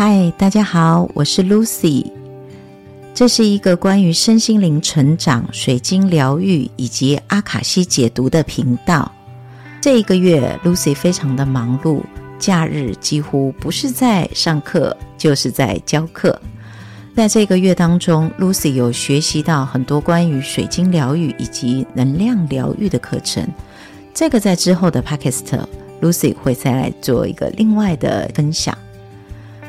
嗨，大家好，我是 Lucy。這是一個關於身心靈成長、水晶療癒以及阿卡西解讀的頻道。這一個月，Lucy 非常的忙碌，假日幾乎不是在上課，就是在教課。在這個月當中，Lucy 有學習到很多關於水晶療癒以及能量療癒的課程。這個在之後的 Podcast，Lucy 會再來做一個另外的分享。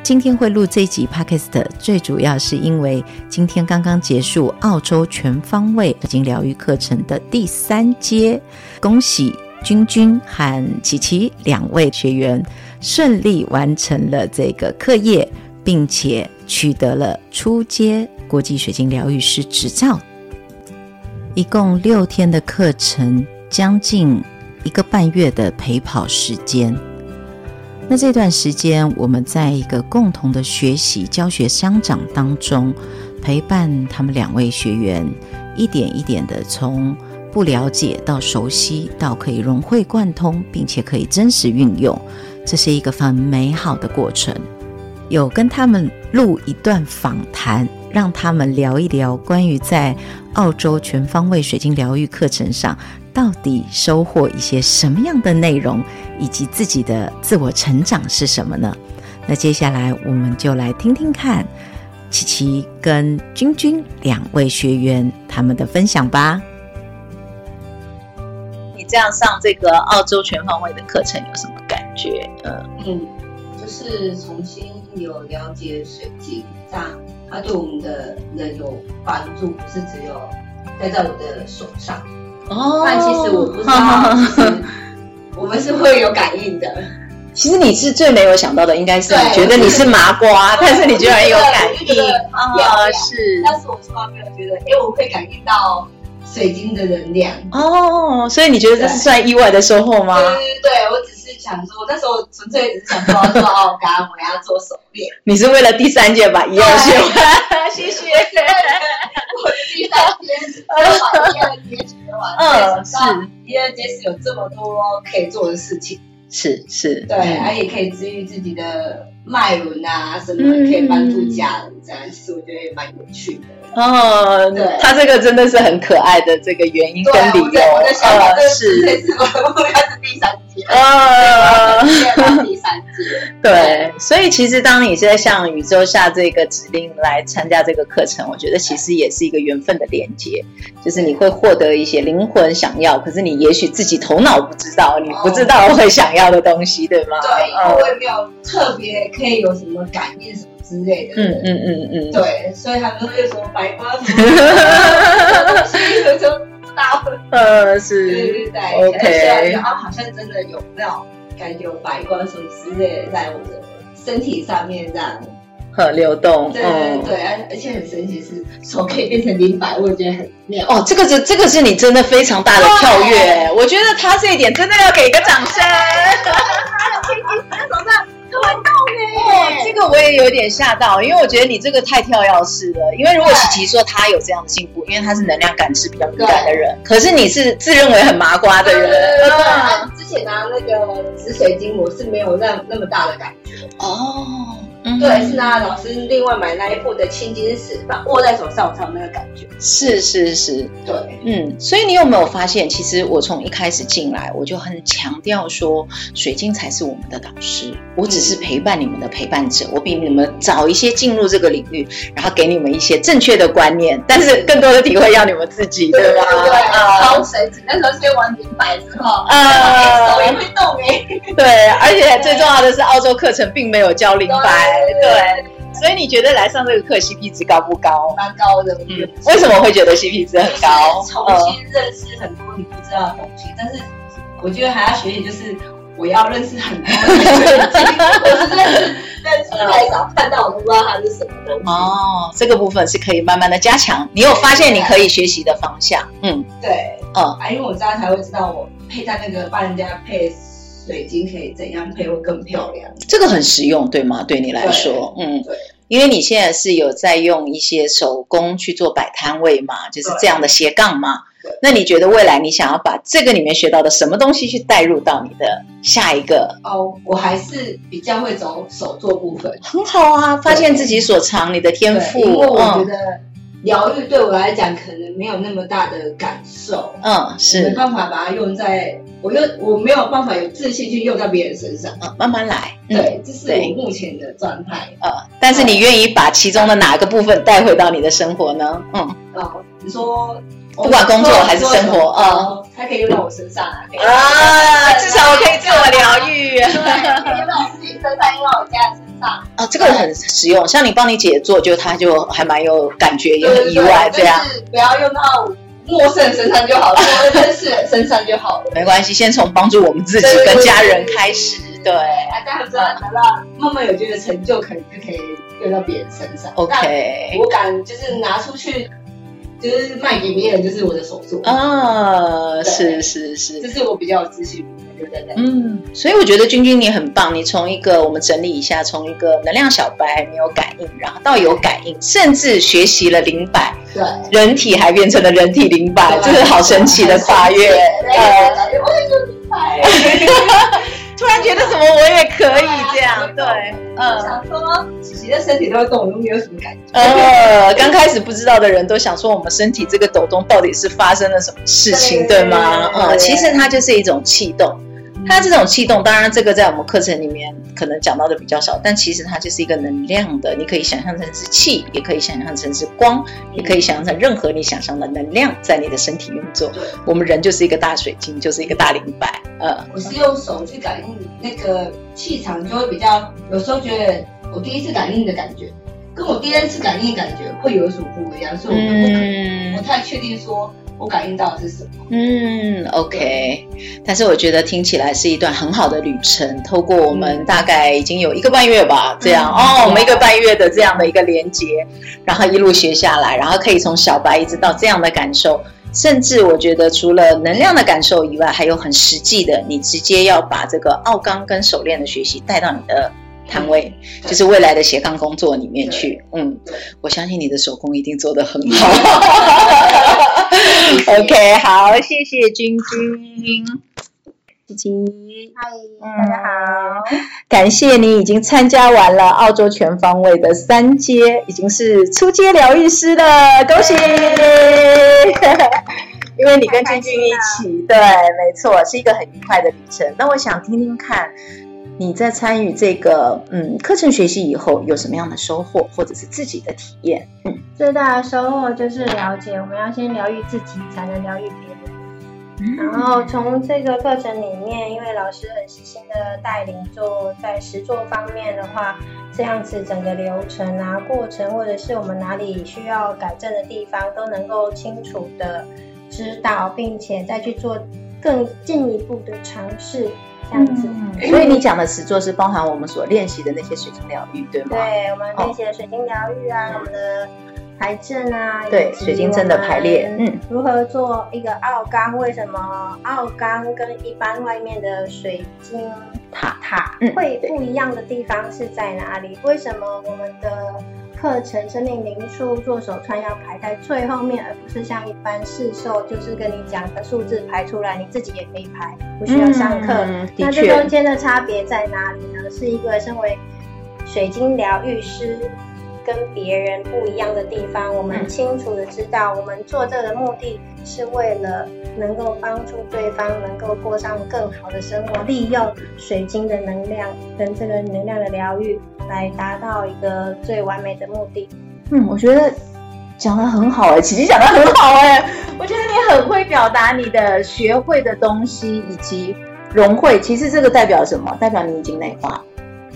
今天會錄這一集 Podcast 最主要是因為今天剛剛結束澳洲全方位水晶療癒課程的第三階，恭喜君君和琪琪兩位學員順利完成了這個課業，並且取得了初階國際水晶療癒師執照。一共六天的課程，將近一個半月的陪跑時間。那這段時間，我們在一個共同的學習教學相長當中，陪伴他們兩位學員，一點一點的從不了解到熟悉，到可以融會貫通，並且可以真實運用，這是一個很美好的過程。有跟他們錄一段訪談，讓他們聊一聊關於在澳洲全方位水晶療癒課程上到底收穫一些什麼樣的內容。以及自己的自我成長是什麼呢？那接下來我們就來聽聽看，琪琪跟君君兩位學員他們的分享吧。你這樣上這個澳洲全方位的課程有什麼感覺？嗯，嗯，就是重新有了解水晶，這樣它對我們的人有幫助，不是只有戴在我的手上哦。但其實我不知道。我們是會有感應的。其實你是最沒有想到的，應該是你覺得你是麻瓜， 但是你居然有感應啊、哦！是，但是我從來沒有覺得，哎、欸，我會感應到水晶的能量哦。所以你覺得這是算意外的收穫嗎？對、就是、對，我。想說，那時候純粹只是想做做，剛剛我要做手鏈 。你是為了第三階吧？一二階， 謝謝。 我的第三階是做完， 第二階也做完。嗯，是。第二階是有這麼多可以做的事情，是是，對，而、嗯、後、啊、也可以治愈自己的。脈輪啊，什麼可以幫助家人？這樣子我覺得也蠻有趣的。哦，對，他這個真的是很可愛的這個原因跟理由。我我想呃這個、是，這是是， 他是第三階。哦，第三 對，對，所以其實當你是在向宇宙下這個指令來參加這個課程，我覺得其實也是一個緣分的連接，就是你會獲得一些靈魂想要，可是你也許自己頭腦不知道，你不知道會想要的東西，哦、對嗎？對，我也沒有特別。可以有什麼感應什麼之類的？嗯嗯嗯嗯，對，所以他們會有什麼白光什麼，所以我就知道了。呃，是。對對對。OK。可、啊、是，好像真的有那種感覺，有白光什麼之類的在我的身體上面這樣。和流動。對對而、嗯、而且很神奇是手可以變成靈擺，我覺得很妙。哦，這個是這個是你真的非常大的跳躍，oh. 我覺得他這一點真的要給一個掌聲。還有可以伸手上。看、哦、這個我也有點嚇到，因為我覺得你這個太跳躍式了。因為如果琪琪說他有這樣的進步，因為他是能量感知比較敏感的人，可是你是自認為很麻瓜的人。對對對對、嗯、對、啊對啊。之前拿那個紫水晶，我是沒有那那麼大的感覺。哦。對，是拿、啊、老師另外買那一副的青金石，把握在手上才有那個感覺。是是是，對，嗯。所以你有沒有發現，其實我從一開始進來，我就很強調說，水晶才是我們的導師，我只是陪伴你們的陪伴者，嗯、我比你們早一些進入這個領域，然後給你們一些正確的觀念，但是更多的體會要你們自己，對吧超、嗯、神奇、嗯，那時候學完靈擺之後，呃、欸，手也會動哎。對，而且最重要的是，澳洲課程並沒有教靈擺。對，對，所以你覺得來上這個課 CP 值高不高？蠻高的。嗯，為什麼會覺得 CP 值很高？嗯、重新認識很多、嗯、你不知道的東西，但是我覺得還要學習，就是我要認識很多東西 認、 嗯。我是在在舞台上看到，我都不知道它是什麼東西。哦，這個部分是可以慢慢的加強。你有發現你可以學習的方向？嗯，對，嗯，哎、啊，因為我這樣才會知道我佩戴那個幫人家配飾。水晶可以怎樣配會更漂亮？這個很實用，對嗎？對你來說，嗯，對，因為你現在是有在用一些手工去做擺攤位嘛，就是這樣的斜槓嘛。那你覺得未來你想要把這個裡面學到的什麼東西去帶入到你的下一個？哦，我還是比較會走手做部分，很好啊，發現自己所長，你的天賦。因為我覺得。療癒對我來講可能沒有那麼大的感受，嗯，是我沒有辦法把它用在我又我沒有辦法有自信去用在別人身上啊、嗯，慢慢來、嗯，對，這是我目前的狀態啊。但是你願意把其中的哪個部分帶回到你的生活呢？嗯，哦、嗯。你說不管工作還是生活啊，它、嗯、可以用到我身上啊，啊，至少我可以自我療癒，啊、 對可以用到自己身上，用到家。啊、哦，這個很實用，啊、像你幫你姐做，就她就還蠻有感覺，對對對，也很意外，這樣，就是、不要用到陌生人身上就好了，真 是人身上就好了，沒關係，先從幫助我們自己跟家人開始，對。對對對啊，當然，那、啊啊、慢慢有這個成就，可以就可以用到別人身上。OK，我敢就是拿出去。就是賣給別人，就是我的手作啊！是是是，這是我比較有自信，嗯，所以我覺得君君你很棒，你從一個我們整理一下，從一個能量小白沒有感應，然後到有感應，甚至學習了靈擺，對，人體還變成了人體靈擺，這，就是好神奇的跨越。對。呃有 覺得什麼我也可以這樣，對、啊對，嗯，想說自己的身體都會動，都沒有什麼感覺。呃、嗯 okay，剛開始不知道的人都想說我們身體這個抖動到底是發生了什麼事情，對，對嗎？呃、嗯，其實它就是一種氣動。它這種氣動，當然這個在我們課程裡面可能講到的比較少，但其實它就是一個能量的，你可以想象成是氣，也可以想象成是光，嗯、也可以想象成任何你想象的能量在你的身體運作。對，我們人就是一個大水晶，就是一個大靈擺。呃、嗯，我是用手去感應那個氣場，就會比較有時候覺得我第一次感應的感覺，跟我第二次感應的感覺會有所不一樣，所以我不可能我不太確定說。我感應到的是什麼？嗯，OK。但是我覺得聽起來是一段很好的旅程。透過我們大概已經有一個半月吧，這樣、嗯、哦，我們一個半月的這樣的一個連接、嗯，然後一路學下來，然後可以從小白一直到這樣的感受。甚至我覺得除了能量的感受以外，還有很實際的，你直接要把這個奧剛跟手鏈的學習帶到你的攤位，嗯、就是未來的斜槓工作裡面去。嗯，嗯，我相信你的手工一定做得很好。 OK，好，謝謝君君，君君，嗨、嗯，大家好，感謝你已經參加完了澳洲全方位的三階，已經是初階療癒師的。恭喜！ 因為你跟君君一起，對，沒錯，是一個很愉快的旅程。那我想聽聽看。你在參與這個嗯課程學習以後有什麼樣的收穫，或者是自己的體驗？嗯，最大的收穫就是了解，我們要先療癒自己，才能療癒別人。嗯。然後從這個課程裡面，因為老師很細心的帶領，做在實做方面的話，這樣子整個流程啊、過程，或者是我們哪裡需要改正的地方，都能夠清楚的指導，並且再去做更進一步的嘗試。這樣子、嗯。所以你講的實作是包含我們所練習的那些水晶療癒，對嗎？對，我們練習的水晶療癒啊、哦，我們的排陣啊，對，水晶陣的排列，嗯，如何做一個奧剛、嗯。為什麼奧剛跟一般外面的水晶塔塔會不一樣的地方是在哪裡？嗯、為什麼我們的？課程生命靈數做手串要排在最後面，而不是像一般市售，就是跟你講個數字排出來，你自己也可以排，不需要上課、嗯。那這中間的差別在哪裡呢？是一個身為水晶療癒師跟別人不一樣的地方，我們清楚的知道，我們做這個目的是為了能夠幫助對方能夠過上更好的生活，利用水晶的能量跟這個能量的療癒，來達到一個最完美的目的。嗯，我覺得講得很好哎、欸，琪琪講得很好哎、欸，我覺得你很會表達你的學會的東西以及融會。其實這個代表什麼？代表你已經內化。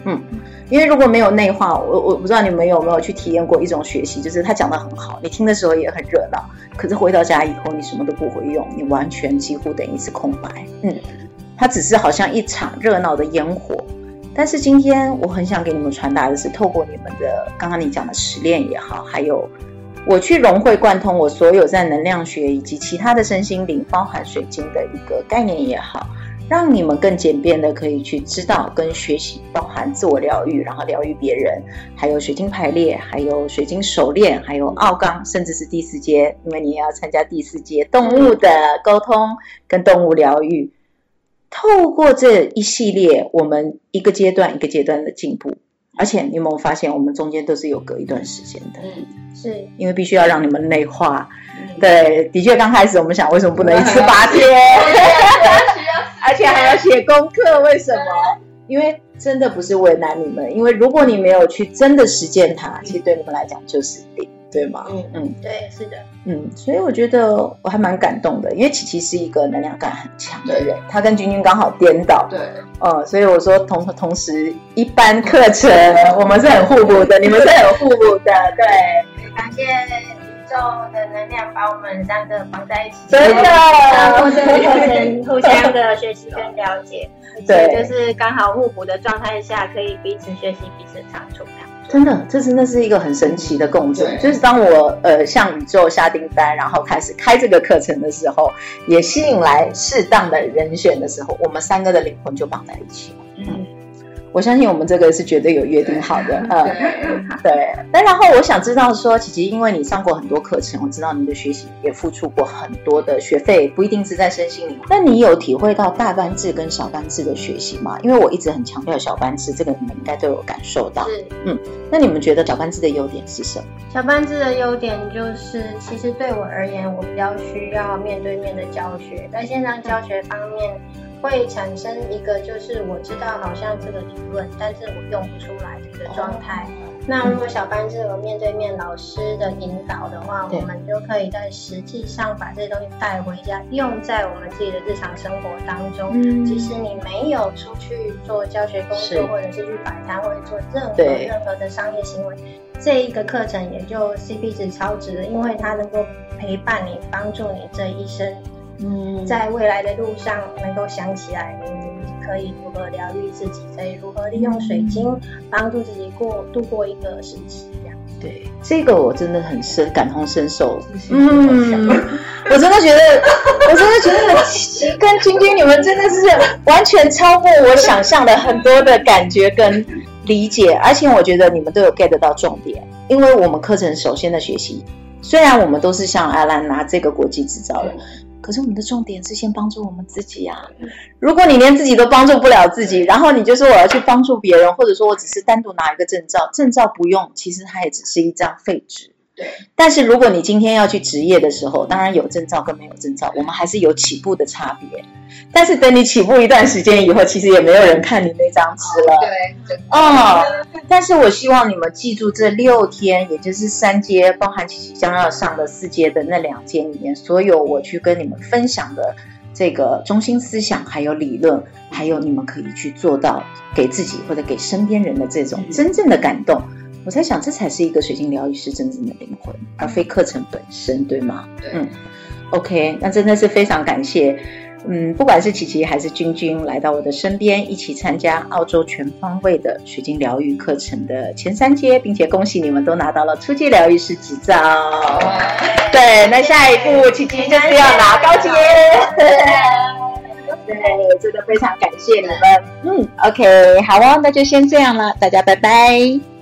嗯，因為如果沒有內化，我我不知道你們有沒有去體驗過一種學習，就是他講的很好，你聽的時候也很熱鬧，可是回到家以後你什麼都不會用，你完全幾乎等於是空白。嗯，它只是好像一場熱鬧的煙火。但是今天我很想給你們傳達的是，透過你們的剛剛你講的實驗也好，還有我去融會貫通我所有在能量學以及其他的身心靈包含水晶的一個概念也好。讓你們更簡便的可以去知道跟學習，包含自我療癒，然後療癒別人，還有水晶排列，還有水晶手鏈，還有奧剛，甚至是第四階，因為你也要參加第四階動物的溝通跟動物療癒。透過這一系列，我們一個階段一個階段的進步。而且你有沒有發現，我們中間都是有隔一段時間的？嗯，是因為必須要讓你們內化。對，的確，剛開始我們想，為什麼不能一次八天？而且還要寫功課，為什麼？因為真的不是為難你們，因為如果你沒有去真的實踐它，其實對你們來講就是零。對嗎？嗯嗯，對，是的，嗯，所以我覺得我還蠻感動的，因為琪琪是一個能量感很強的人，她跟君君剛好顛倒，對，哦、嗯，所以我說同同時，一般課程我們是很互補的，你們是很互補的，對，感謝宇宙的能量把我們三個綁在一起，真的，互相互相的學習跟了解，對，就是剛好互補的狀態下，可以彼此學習彼此長處。真的，這真的是一個很神奇的共振。嗯。就是當我呃向宇宙下訂單，然後開始開這個課程的時候，也吸引來適當的人選的時候，我們三個的靈魂就綁在一起了。嗯。嗯我相信我們這個是絕對有約定好的，嗯、 對。那然後我想知道說，琪琪，因為你上過很多課程，我知道你的學習也付出過很多的學費，不一定是在身心靈。那你有體會到大班制跟小班制的學習嗎？因為我一直很強調小班制，這個你們應該都有感受到。是，嗯。那你們覺得小班制的優點是什麼？小班制的優點就是，其實對我而言，我比較需要面對面的教學，在線上教學方面。會產生一個就是我知道好像這個理論，但是我用不出來這個狀態、嗯。那如果小班是有面對面老師的引導的話、嗯，我們就可以在實際上把這些東西帶回家，嗯、用在我們自己的日常生活當中。即、嗯、使你沒有出去做教學工作，或者是去擺攤，或者做任何任何的商業行為，這一個課程也就 CP 值超值的，因為它能夠陪伴你，幫助你這一生。嗯、在未來的路上，能夠想起來，可以如何療癒自己，可以如何利用水晶幫助自己過度過一個時期這樣。對，這個我真的很深感同身受。嗯， 我真的覺得，我真的覺得， 跟今天你們真的是完全超過我想象的很多的感覺跟理解，而且我覺得你們都有 get 到重點，因為我們課程首先的學習，雖然我們都是像阿蘭拿、啊、這個國際執照的。可是我們的重點是先幫助我們自己啊。如果你連自己都幫助不了自己，然後你就說我要去幫助別人，或者說我只是單獨拿一個證照，證照不用，其實它也只是一張廢紙。對，但是如果你今天要去執業的時候，當然有證照跟沒有證照，我們還是有起步的差別。但是等你起步一段時間以後，其實也沒有人看你那張紙了。對，哦，oh。但是我希望你們記住這六天，也就是三階包含即將要上的四階的那兩階裡面，所有我去跟你們分享的這個中心思想，還有理論，還有你們可以去做到給自己或者給身邊人的這種真正的感動。嗯我在想，這才是一個水晶療癒師真正的靈魂，而非課程本身，對嗎？對。嗯。OK，那真的是非常感謝，嗯，不管是琪琪還是君君來到我的身邊，一起參加澳洲全方位的水晶療癒課程的前三階，並且恭喜你們都拿到了初級療癒師執照。嗯。對，那下一步琪琪就是要拿高級。嗯。 對，真的非常感謝你們。嗯。OK，好哦，那就先這樣了，大家拜拜。